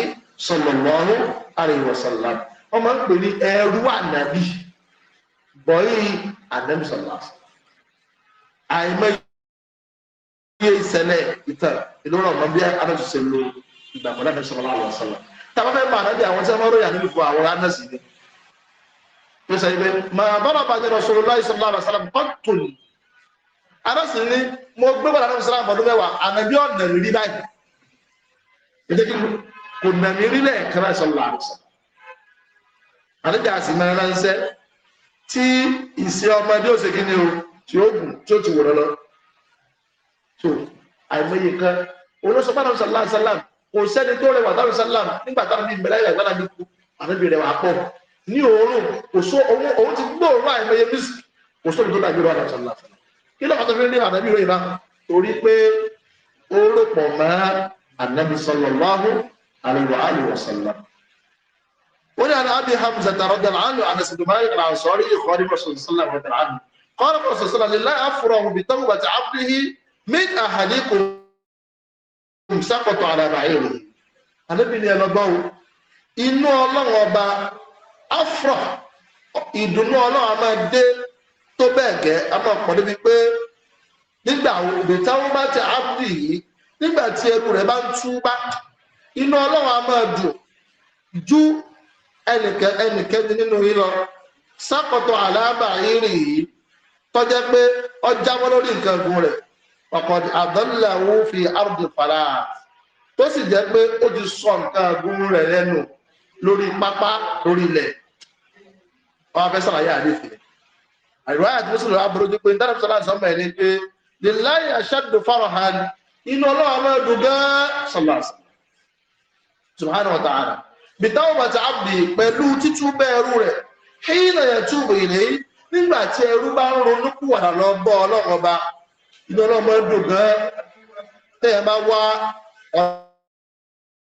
sallallahu alaihi wasallam wọ́n máa ń pè ní ẹrú ànábì bọ̀yì ànábì sallallahu àìmọ́ iye ìṣẹ̀lẹ̀ ìtàn ìlú ọ̀rọ̀ mọ́ bí anábì ṣe lo ìgbàgbọ́ náà bí sallallahu alaihi wasallam tàbá fẹ́ máa nábì àwọn yóò sọ yìí pé màá bọ́lá bàjẹ́ Rasulullahi sallallahu alaihi wasallam bọ́tùn arásìn ni mo gbé bọ́lá náà sọ́lá ọdún mẹ́wàá ànàbí ọ̀nà mi rí báyìí ètò kí kò nà mí rí lẹ́ẹ̀kan náà sọ́lá àrùsọ àdéjà sì máa ránṣẹ́ tí ìṣe ọmọdé òsè kí ni o tí ó gùn tí ó ti wò lọ́lọ́ tó àìmọye kan olóṣọpá náà sọ́lá sọ́lá kò sẹ́ni tó rẹwà táwọn sọ́lá nígbà táwọn bí mẹ́lẹ́ ní òórùn kò só òun ti gbóòórùn àìmọye mísì kò sóbi tó dàgbé lọ́wọ́ àdàbí kí lọ́wọ́ tó fi ní àdàbí ìròyìn náà torí pé ó rò pọ̀ mọ́ ànábi sallallahu alaihi wa alihi wa sallam. ó ní àná abi hamza tààrọ̀ dàlá àlù àdàsí dùmáyé kàlà sọ́ọ́rí ìkọ́rí rọ̀ṣọ̀ṣọ̀lá rọ̀dàlá àlù kọ́rọ̀ rọ̀ṣọ̀ṣọ̀lá lílá àfúrọ̀hùn bí tọ́wọ́ afro ìdùnnú ọlọ́run máa dé tó bẹ́ẹ̀ gẹ́ a máa pọ̀ débi pé nígbà òde táwọn bá ti ábùdì yìí nígbà tí rẹ̀ bá ń túbá inú ọlọ́run máa dùn ju ẹnìkẹ́ni nínú yìí lọ sákòtò àlábà yìí tọ́jẹ́ pé ọjà lórí nǹkan rẹ̀ fi ábùdì fara tó sì jẹ́ pé ó ti sọ nǹkan ẹ̀gùn rẹ̀ lẹ́nu. lórí pápá lórí ilẹ̀ wọn fẹ́ sàlàyé àdéhùn àìrọ̀ àti mùsùlùmí aburú pé nítorí sọlá sọmọ ẹni pé lillahi ashaddu farahan inú ọlọ́run máa dùn gan sọlá subhanahu wa ta'ala bitawbati abdi pẹ̀lú títú bẹ́ẹ̀rù rẹ̀ hina yatubu ilayhi nígbà tí ẹrú bá ń ronú kúwàdà lọ bọ́ ọlọ́run ọba inú ọlọ́run máa dùn gan tẹ́yẹ̀ máa wá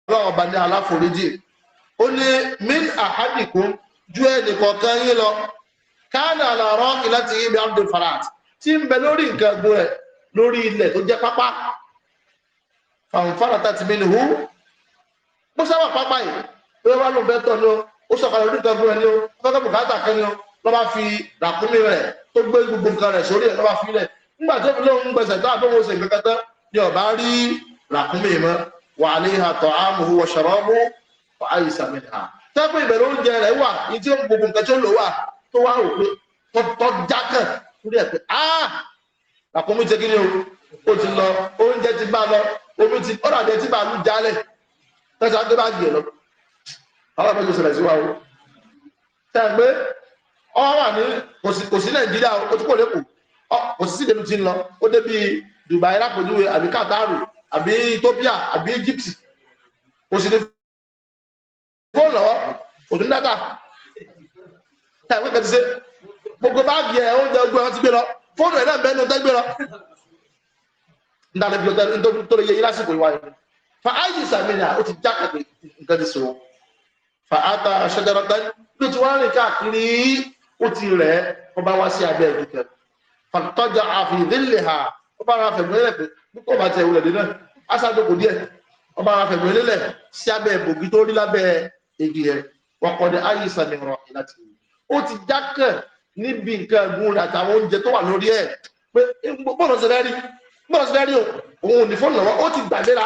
ọlọ́run ní aláforíjì ó ní min àhádìkún ju ẹnì kọ̀ọ̀kan yín lọ káàní àlàrọ́ ìlàtí yìí bí abdul farad tí ń bẹ lórí nǹkan ẹ̀gbọ́n rẹ̀ lórí ilẹ̀ tó jẹ́ pápá fàǹfàrà tàti mi nìhú bó sábà pápá yìí bí wọ́n lò bẹ́tọ̀ ni ó sọ̀kalẹ̀ lórí nǹkan ẹ̀gbọ́n rẹ̀ ni ó fẹ́kẹ́ bùkátà kan ni ó lọ́ba fi ràkúnmí rẹ̀ tó gbé gbogbo nǹkan rẹ̀ sórí ẹ̀ lọ́ba fi lẹ̀ nígbà tó fi lóun gbẹ̀sẹ̀ tó àbẹ̀wò ṣe nǹkan kan ni ọ̀bá rí ràkúnmí mọ́ wà àtọ̀ àmùhù wọ̀ṣọ̀rọ̀ mú ayé sàmìnà tẹ́pẹ́ ìbẹ̀rẹ̀ oúnjẹ rẹ̀ wà ní tí ó gbogbo nǹkan tí ó lò wà tó wá rò pé tọ́ jákàn lórí ẹ̀ pé áà ah! àkómi ti kíni o ó ti lọ oúnjẹ ti bá lọ omi ti ọ̀rọ̀ àdé tí bàálù jálẹ̀ tẹ́sán tó bá gbé lọ àwọn ọmọ ìjọsìn rẹ̀ sí wa o tẹ́gbẹ́ ọ wà ní kò sí nàìjíríà ó ti kò lẹ́kọ̀ọ́ kò sí sídẹ̀lú ti ń lọ ó dé Dubai lápòjúwe àbí Kataru àbí Ethiopia àbí Egypt kò sí ní fóònù lọ́wọ́ òdún dátà táwọn ìpẹ́ ti ṣe gbogbo báàgì ẹ̀ oúnjẹ ogun ẹ̀wọ̀n ti gbé lọ fóònù ẹ̀ náà bẹ́ẹ̀ ní ọ̀tẹ́ gbé lọ ndàlẹ́ bí ọ̀tẹ́ tó lè yẹ yí lásìkò ìwà yìí fa ayé sàmìnà ó ti já kàgbé nǹkan ti sòrò fa ata aṣọ́jára tán bí ó ti wá rìn káàkiri ó ti rẹ̀ ó bá wá sí abẹ́ ẹ̀ kíkẹ́ fàtọ́jà àfìdílé ha ó bá ara fẹ̀gbẹ́ lẹ̀ pé púpọ̀ bá ti wulẹ̀ dé náà á sá igi yẹn wọ́kọ̀dẹ̀ ayé ìsàmì ọ̀rọ̀ ìlàtì ó ti jákẹ̀ níbi nǹkan ẹ̀gún rẹ̀ àtàwọn oúnjẹ tó wà lórí ẹ̀ pé bọ́ọ̀lù ṣe rẹ́rí bọ́ọ̀lù ṣe rẹ́rí òun ò ní fóònù lọ́wọ́ ó ti gbàlera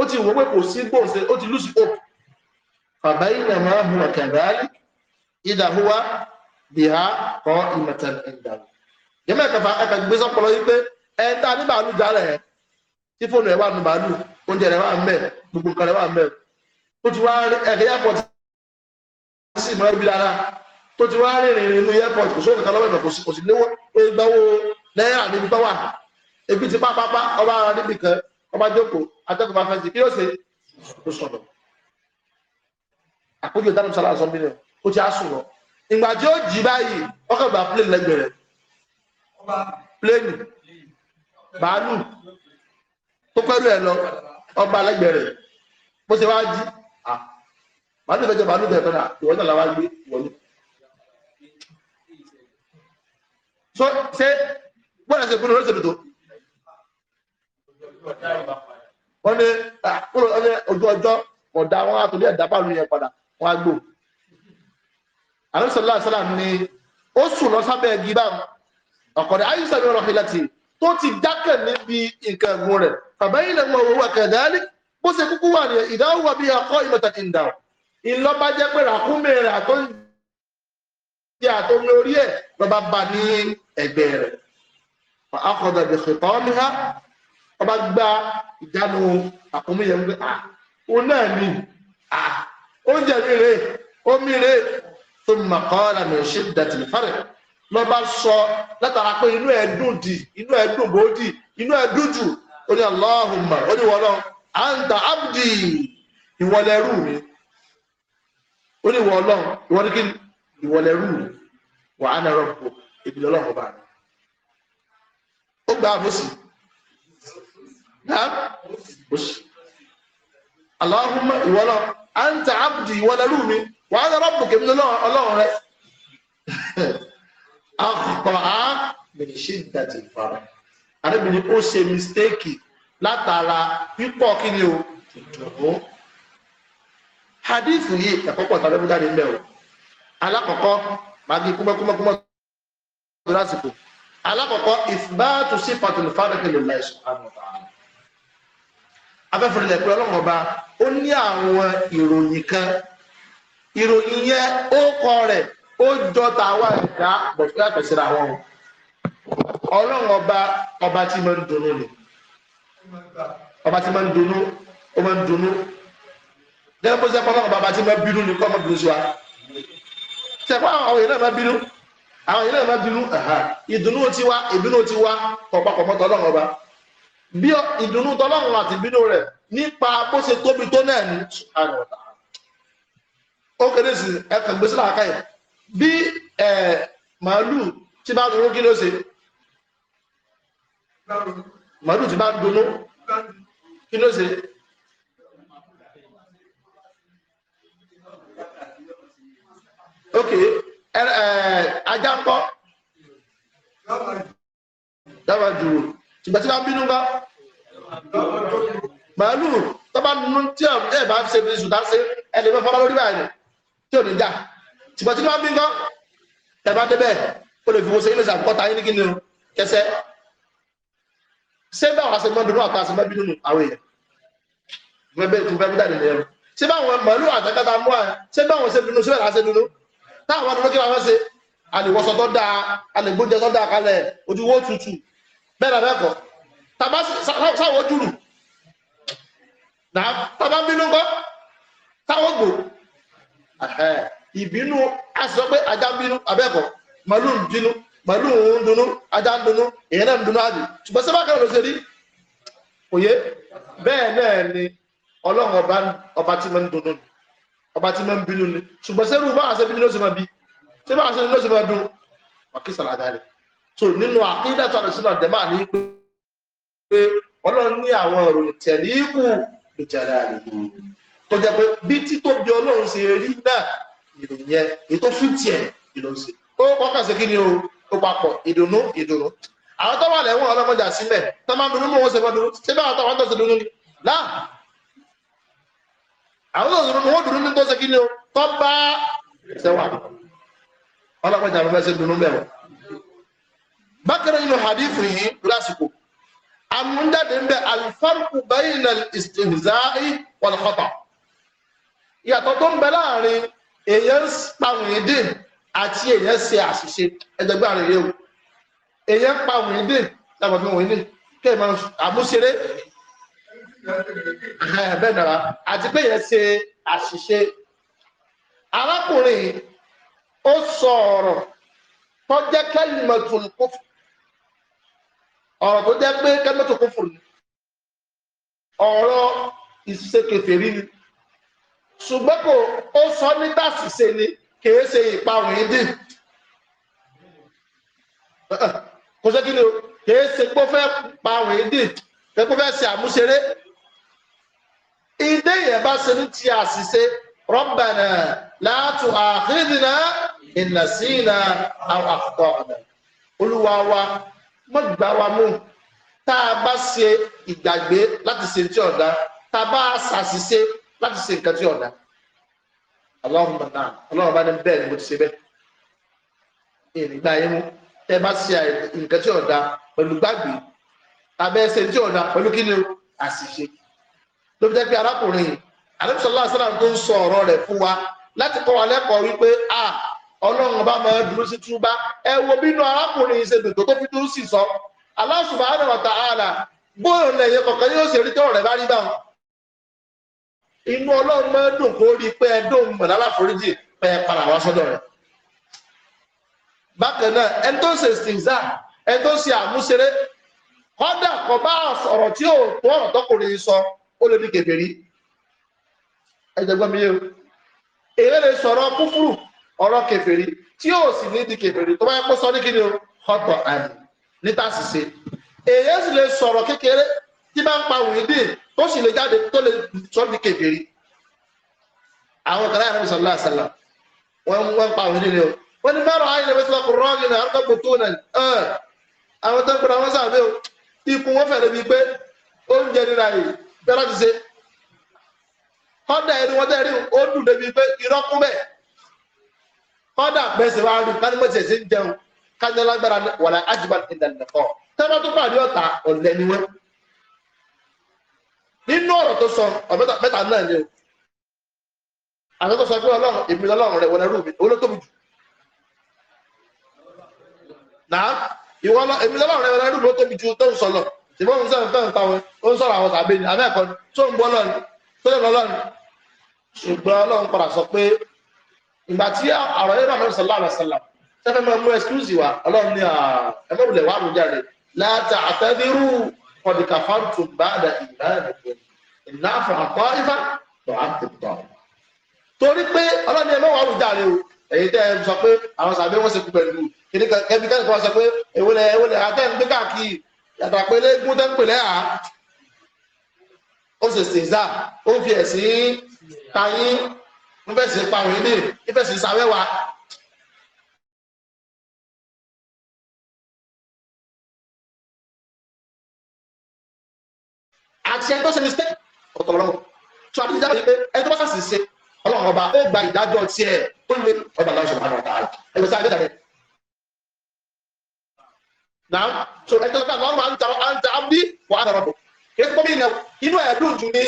ó ti wọ́pẹ́ kò sí bóun ṣe ó ti lùsì ó. bàbá ilẹ̀ máa hùwà kẹ̀dáálì ìdàhùwà bìhá kọ́ ìmọ̀tẹ̀ ìdàrú. jẹ́mẹ̀ kẹfà ẹ̀ka gbé sọ́pọlọ yìí pé ẹ̀ ta ní bàálù jálẹ̀ tí fóònù rẹ̀ wà nù bàálù oúnjẹ rẹ̀ wà ń bẹ̀ gbogbo nǹkan rẹ̀ wà ń bẹ̀ tó ti wá ẹ̀kẹ́ airport sí ìmọ̀ ibi lára tó ti wá rìnrìn inú airport kò sóòkè kálọ́wọ́ ìbẹ̀ kò sí léwọ́ ìgbàwó náírà níbi tó wà ebi ti pápápá ọba ara níbi kan ọba jókòó atẹ́kùn bá fẹ́ sí kí yóò ṣe kó sọ̀rọ̀ àkójọ ìdánimọ̀ sára sọ mílíọ̀nù ó ti á sùn lọ ìgbà tí ó jì báyìí ọkọ̀ gbà plane lẹ́gbẹ̀rẹ̀ plane bàálù tó pẹ́rù ẹ̀ lọ ọba lẹ́gbẹ̀rẹ̀ bó ṣe wá jí Ah. màálù fẹjọ màálù bẹ́ẹ̀ fẹràn ìwọ náà làwọn gbé wọlé. so ṣé wọn ẹsẹ gbọ́dọ̀ lọsẹ tuntun wọn ní àkúrò ah, ojú ọjọ́ ọdá wọn á torí ẹ̀dá báàlù yẹn padà wọn á gbò àrùsọlá àṣàlá ni ó sùn lọ sábẹ́ ẹgbẹ́ báwọn ọkọdẹ ayé sàbẹ ọ̀rọ̀ ìlàtì tó ti dákẹ́ níbi nǹkan ẹ̀gbọ́n rẹ̀ bàbá yìí lẹgbọn owó wà bó ṣe kúkú wà ní ìdáhùwà bí akọ ìmọ̀tàkì ìdá ìlọ́ba jẹ́ pé ràkúnmí rẹ̀ àtọ́ ti àtọ́mi orí ẹ̀ lọ́ba bá ní ẹ̀gbẹ́ rẹ̀ akọ̀dà ìṣètọ́ ní ha ọba gba ìjánu àkúnmí yẹn wípé ah òun náà ni ah oúnjẹ mi rè omi rè tó mọ̀kọ́ ọ̀la mi ṣe dàtìlì fárẹ̀ lọ́ba sọ látara pé inú ẹ̀ dùn dì inú ẹ̀ dùn bó dì inú ẹ̀ dùn jù ó ní anta abdi ìwọlẹ́rù mi ó ní ìwọ ọlọ́run ìwọ ní kí ni ìwọlẹ́rù mi wà á nà rọpò èmi lọ́lọ́run ọba mi ó gba àbòsí náà òsì aláhùnmá ìwọlọ anta abdi ìwọlẹ́rù mi wà á nà rọpò èmi lọ́lọ́run rẹ akpa a ṣe ń dàtí fara àrẹ́bìnrin ó ṣe mistéèkì látara pípọ̀ kí ni o ìdùnnú hadith yìí ẹ̀kọ́ pọ̀ tàbí jáde ń bẹ̀ o alákọ̀ọ́kọ́ magi kúmọ́kúmọ́kúmọ́ tó lásìkò alákọ̀ọ́kọ́ ìfibáàtú sí pàtàkì fàdàkì lè láì subhanahu wa ta'ala afẹ́fẹ́ ilẹ̀ pé ọlọ́run ọba ó ní àwọn ìròyìn kan ìròyìn yẹn ó kọ rẹ̀ ó jọ tàwa ẹ̀dá bọ̀tún yàtọ̀ síra wọn ọlọ́run ọba ọba tí mo ń dunnú nìyí ọba tí máa ń dunnú ó máa ń dunnú gẹ́gẹ́ bó ṣe pọ́nlọ́mọ bàbá tí máa ń bínú ni kọ́ máa bínú sí wa ṣẹ̀fọ́ àwọn èèyàn náà máa bínú àwọn èèyàn náà máa bínú ìdùnnú ti wá ìbínú ti wá kọ̀pọ̀kọ̀pọ̀ tọ́lọ́run ọba bí ìdùnnú tọ́lọ́run àti ìbínú rẹ̀ nípa bó ṣe tóbi tó náà ní àrùn ọ̀tá ó kéré sí ẹ̀kàn gbèsè làákàyè bí màálù tí bá ronú kí ló ṣe màálù ti bá dunú kí ló ṣe ok ajá ń kọ́ dábàá dùrù ṣùgbọ́n tí wọ́n bínú bá màálù tó bá dunú tí ẹ̀ bá ṣe fi ṣùtá ṣe ẹni fẹ́ fọ́lá lórí báyìí tí ò ní dá ṣùgbọ́n tí wọ́n bínú bá tẹ̀ débẹ̀ ó lè fi wo ṣe ilé ìṣàkóta yín ní kíni o kẹsẹ́ ṣé báwọn aṣèmọ́dúnú àti aṣèmọ́bínú àwọn èèyàn gbẹgbẹ́ tó fẹ́ mútàdé lẹ́yìn ṣé báwọn màálù àtẹ́kẹ́ta mú à ṣé báwọn ṣe dunu ṣé báwọn ṣe dunu táwọn dunu kí wọn ṣe àlèwọ́sọ tó dáa àlègbóúnjẹ tó dáa kalẹ̀ ojúwó tutù bẹ́ẹ̀ náà bẹ́ẹ̀kọ́ tàbá sáwọ́ jùlù tàbá bínú kọ́ táwọ́ gbò ìbínú a sọ pé ajá bínú abẹ́ẹ̀kọ́ màálù bínú pẹ̀lú òun dunú ajá ń dunú èyàn náà ń dunú àjò ṣùgbọ́n sẹ́fà kan ló ṣe rí òye bẹ́ẹ̀ náà ni ọlọ́run ọba ọba tí máa ń dunú ni ọba tí máa ń bínú ni ṣùgbọ́n sẹ́rù bá àṣẹ bínú ló ṣe máa bí sẹ́fà àṣẹ ló ṣe dun wàkí sàlàdà rẹ̀ so nínú àkídà tó àdùsí náà dẹ́mà ní pé ọlọ́run ní àwọn ìròyìn tẹ̀lé ikú ìjàdá rẹ̀ tó jẹ́ pé bí títóbi ọlọ́run ṣe rí náà ìròyìn yẹn ètò fìtì ẹ̀ ìlọ́sẹ̀ ó kọ́kà sí kí ni o tó papọ̀ ìdùnnú ìdùnnú àwọn tó wà lẹ́wọ̀n ọlọ́mọjà sílẹ̀ tó máa ń dunú mú wọn ṣe fẹ́ dunú ṣé báwọn tó wọn tó ṣe dunú ni láà àwọn tó dunú wọn dunú ní tó ṣe kí ni o tó bá ṣẹwà ọlọ́mọjà fẹ́ ṣe dunú bẹ̀rẹ̀ bákan nínú hadith yìí lásìkò àmújáde ń bẹ alifarku bayna istihza'i wal khata' ìyàtọ̀ tó ń bẹ láàrin èèyàn pàwọn èdè àti èèyàn ṣe àṣìṣe ẹgbẹgbẹ àrẹ yẹn o èèyàn pa òun dé lágbàdo òun dé kẹ́ ẹ̀ máa àmúṣeré bẹ́ẹ̀ nàrà àti pé èèyàn ṣe àṣìṣe arákùnrin ó sọ ọ̀rọ̀ tó jẹ́ kẹ́lìmọ̀tún kófù ọ̀rọ̀ tó jẹ́ pé kẹ́lìmọ̀tún kófù ni ọ̀rọ̀ ìṣekèfèrí ni ṣùgbọ́n kò ó sọ ní tàṣìṣe ni kìí ṣe ìparun ìdí kò ṣe kí ni o kìí ṣe pé ó fẹ́ parun ìdí kìí pé ó fẹ́ ṣe àmúṣeré ìdí yẹn bá ṣe ní ti àṣìṣe Rabbana la tu'akhidhna in nasina aw akhta'na olúwa wa mọ́ gbà wá mú tá a bá ṣe ìgbàgbé láti ṣe tí ọ̀dá tá a bá ṣàṣìṣe láti ṣe nǹkan tí ọ̀dá aláhùnmá náà ọlọ́run bá ní bẹ́ẹ̀ ni mo ti ṣe bẹ́ẹ̀ ìrìngbà yín mú tẹ bá ṣe nǹkan tí ọ̀dà pẹ̀lú gbàgbé tàbẹ́ ẹsẹ̀ tí ọ̀dà pẹ̀lú kí ni àṣìṣe ló fi jẹ́ pé arákùnrin àdébísọ̀lá àṣàlám tó ń sọ ọ̀rọ̀ rẹ̀ fún wa láti kọ́ wa lẹ́kọ̀ọ́ wípé a ọlọ́run bá máa dúró sí túbá ẹ wo bínú arákùnrin ṣe dòdò tó fi dúró sí sọ Allah subhanahu wa bóyá ọ̀nà ẹ̀yẹ kọ̀ọ̀kan yóò ṣe rí tọ́rọ̀ bá rí báwọn inú ọlọ́run máa ń dùn kó rí pé ẹdùn mọ̀lá láforíjì pé ẹ padà wá sọ́dọ̀ rẹ̀ bákan náà ẹni tó ń ṣe stinza ẹni tó ń ṣe àmúṣeré kọ́dà kọ́ bá ọ̀rọ̀ tí ò tó ọ̀rọ̀ tọkùnrin sọ ó lè ní kèfèrí ẹ̀jẹ̀ gbọ́n mi yé o èrè lè sọ̀rọ̀ kúfúrú ọ̀rọ̀ kèfèrí tí ò sì ní di kèfèrí tó bá yẹ kó sọ ní kíni o kọ́tọ̀ àdì níta sì ṣe èrè sì lè sọ̀rọ̀ kékeré tí bá ń pa Muideen tó sì lè jáde tó lè sọ di kèfèrí àwọn kan láyé àrùn sọlá àṣàlà wọn ń pa Muideen ni o wọn ní fẹ́ràn ayé lẹ́wọ́ sílọ́kù rọ́ọ̀gì náà àrùkọ́ tó nà àwọn tó ń pèrè àwọn sàbẹ̀ o ikùn wọn fẹ̀rẹ̀ bíi pé oúnjẹ nira yìí bẹ́ẹ̀ láti ṣe kọ́dà ẹni wọ́n tẹ́rí ó dùn débi pé ìrọ́kún bẹ́ẹ̀ kọ́dà bẹ́sẹ̀ wá rí kánimọ̀ tiẹ̀ sí ń jẹun kájọ lágbára wàlá ájúbà ìdàlẹ̀ tẹ́lá tó pàdé ọ̀tá ọ̀lẹ́ni wọn nínú ọ̀rọ̀ tó sọ ọ̀rọ̀ mẹ́ta náà ni o àti tó sọ pé ọlọ́run èmi lọ́lọ́run rẹ̀ wọlé rú mi owó ló tóbi jù náà ìwọ lọ èmi lọ́lọ́run rẹ̀ wọlé rú mi ó tóbi jù tó ń sọ lọ ìbọn mi sọ̀rọ̀ fẹ́ràn táwọn ó ń sọ̀rọ̀ àwọn tàbí ni abẹ́ẹ̀kọ́ tó ń bọ́ lọ́ni tó lè lọ lọ́ni ṣùgbọ́n ọlọ́run padà sọ pé ìgbà tí àrọ̀ yẹn náà sọ̀lá àrọ̀ sọ̀lá sẹ́fẹ̀ máa mú ẹ̀skúùsì wa ọlọ́run ní ẹ̀mọ́bùlẹ̀ wà قد كفرتم بعد إيمانكم إن نعفو عن طائفة نعذب طائفة torí pé ọlọ́ni ẹ̀mọ́ wà lùdá rẹ o èyí tẹ́ ẹ sọ pé àwọn sàbí wọn ṣe pẹ̀lú kìnní kẹbí tẹ́ ẹ sọ pé ewúlẹ̀ ewúlẹ̀ àtẹ́ ń gbé káàkiri yàtọ̀ pé lẹ́gùn tẹ́ ń pèlẹ́ à ó sì sì zá ó fi ẹ̀sìn tayín ń fẹ̀sìn pa òun ní ìfẹ̀sìn sàwẹ́wà àti ẹni tó ṣe mistake ọ̀tọ̀ ọlọ́run tó àti ìdájọ́ yìí pé ẹni tó bá sàṣì ṣe ọlọ́run ọba ó gba ìdájọ́ tiẹ̀ ó lè ọba aláṣọ máa nọ̀ta rẹ̀ ẹgbẹ́ sáà ìdájọ́ rẹ̀. náà tó ẹni tó bá lọ́rùn máa ń ta ọ́n ta ábí wà á dọ̀rọ̀ bò kí ẹni tó bí inú ẹ̀ dùn jù ní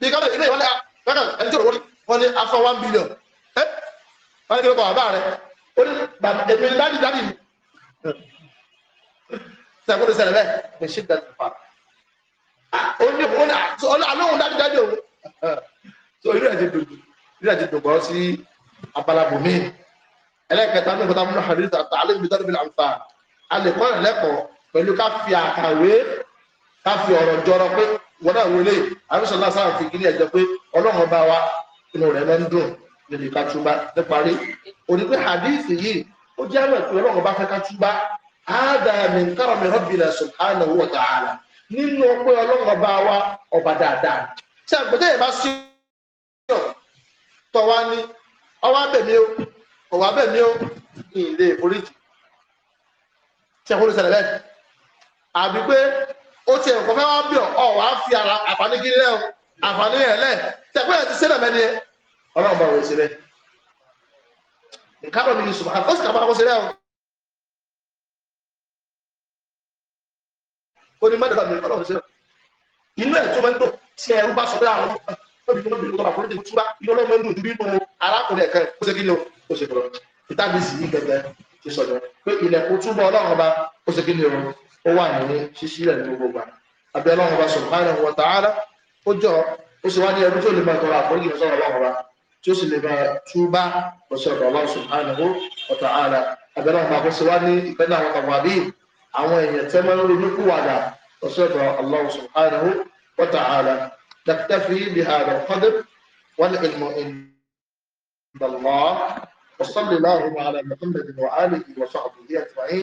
bí káwọn ilé ìwọlé ẹni tó rọ̀ wọ́n ní afọ one billion ẹ́ wọ́n ní kí ló kọ́ bàbá rẹ̀ ó ní bàbá ẹ̀mí dájú dájú sẹ́kúrú sẹ́lẹ̀ bẹ́ẹ̀ kò ṣe dájú fara ó ní ó ní alóhùn dájúdájú òun so irú ẹ̀ ti dùn irú ẹ̀ ti dùn gbọ́ sí abalabu mi ẹlẹ́kẹta ní ìfọ̀tà múnú hadith àti alẹ́ ìbí tọ́lú bí làǹfà a lè kọ́ ẹ̀lẹ́kọ̀ọ́ pẹ̀lú ká fi àkàwé ká fi ọ̀rọ̀ jọrọ pé wọ́n náà wọlé àrísọ̀lá sáà fi kí ní ẹ̀jẹ̀ pé ọlọ́run bá wa inú rẹ̀ lọ́ ń dùn lórí ká túbá ní parí òní pé hadith yìí ó jẹ́ àmọ̀ ìpínlẹ̀ ọlọ́run bá fẹ́ ká túbá á dà mí kárọ̀ mi rọ́bìnrin subhanahu wa ta'ala nínú ọpẹ́ ọlọ́run ọba wa ọba dáadáa tí àgbẹ̀tẹ̀ yẹn bá sí ọ̀ tọ́wá ní ọwọ́ abẹ̀mí o ọwọ́ abẹ̀mí o ìlé ìforíjì tí a kó ló ṣẹlẹ̀ bẹ́ẹ̀ àbí pé ó ti ẹ̀kọ́ fẹ́ wá bí ọ ọ wàá fi ara àǹfààní kiri lẹ́ o àǹfààní yẹn lẹ́ tẹ̀pẹ́ yẹn ti sílẹ̀ mẹ́ni yẹn ọlọ́run bá wọ̀ ẹ̀ sílẹ̀ nǹkan lọ́ọ́ mi ni sùnmọ́ àti ó sì kà ó ní mẹ́tẹ̀ẹ̀ta mi ọlọ́run ṣe inú ẹ̀ tó máa ń dùn tí ẹrú bá sọ pé àwọn obìnrin obìnrin tó bá fún ìdíjú túbá inú ọlọ́run máa ń dùn ju bínú arákùnrin ẹ̀kan ó ṣe kí ni ó ṣe kọ̀rọ̀ ìtàbí sì yí gẹ́gẹ́ ti sọ̀rọ̀ pé ilẹ̀ kò túbọ̀ ọlọ́run ọba ó ṣe kí ni ó wà ní ṣíṣí rẹ̀ ní gbogbo gbà abẹ́ ọlọ́run ọba subhanahu wa ta'ala ó jọ ó sì wá ní ẹrú tí ó lè máa tọrọ àforíjì lọ́sọ̀rọ̀ ọlọ́run ọba tí ó sì lè máa túbá lọ́sọ̀rọ̀ ọlọ́run subhanahu wa ta'ala abẹ́ ọlọ́run ọba kó sì wá ní ìpẹ́ náà wọn kàwọn àbí àwọn èèyàn tẹ́ máa ń ronú kúwàdà lọ́sọ̀dọ̀ Allah subhanahu wa ta'ala naktafi bihadha al-qadr wal-ilmu inda Allah wa sallallahu ala Muhammadin wa alihi wa sahbihi ajma'in